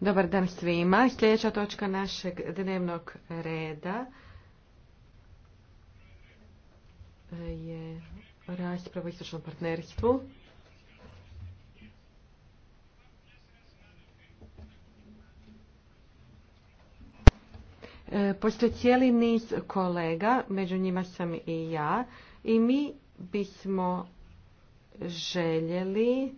Dobar dan svima. Sljedeća točka našeg dnevnog reda je rasprava o istočnom partnerstvu. E, postoji cijeli niz kolega, među njima sam i ja, i mi bismo željeli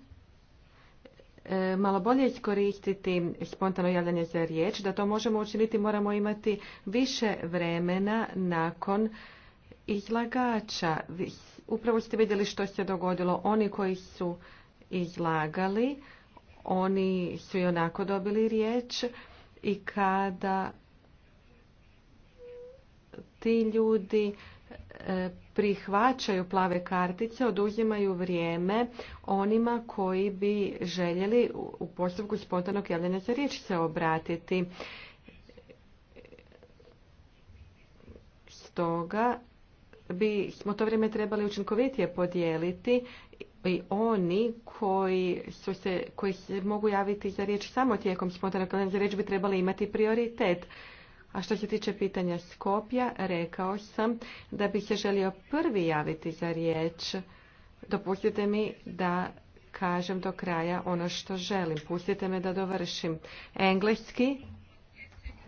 E, malo bolje iskoristiti spontano javljanje za riječ. Da to možemo učiniti moramo imati više vremena nakon izlagača. Upravo ste vidjeli što se dogodilo. Oni koji su izlagali, oni su i onako dobili riječ i kada ti ljudi E, prihvaćaju plave kartice, oduzimaju vrijeme onima koji bi željeli u postupku spontanog javljanja za riječ se obratiti. Stoga bi smo to vrijeme trebali učinkovitije podijeliti i oni koji, se, koji se mogu javiti za riječ samo tijekom spontanog javljanja za riječ bi trebali imati prioritet. A što se tiče pitanja Skopja, rekao sam da bih se želio prvi javiti za riječ. Dopustite mi da kažem do kraja ono što želim. Pustite me da dovršim. Engleski,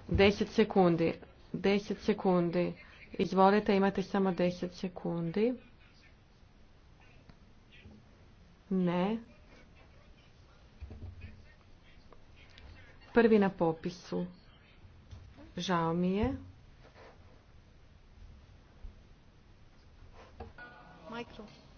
10 sekundi. 10 sekundi. Izvolite, imate samo 10 sekundi. Ne. Prvi na popisu. Žao mi je. Mikro.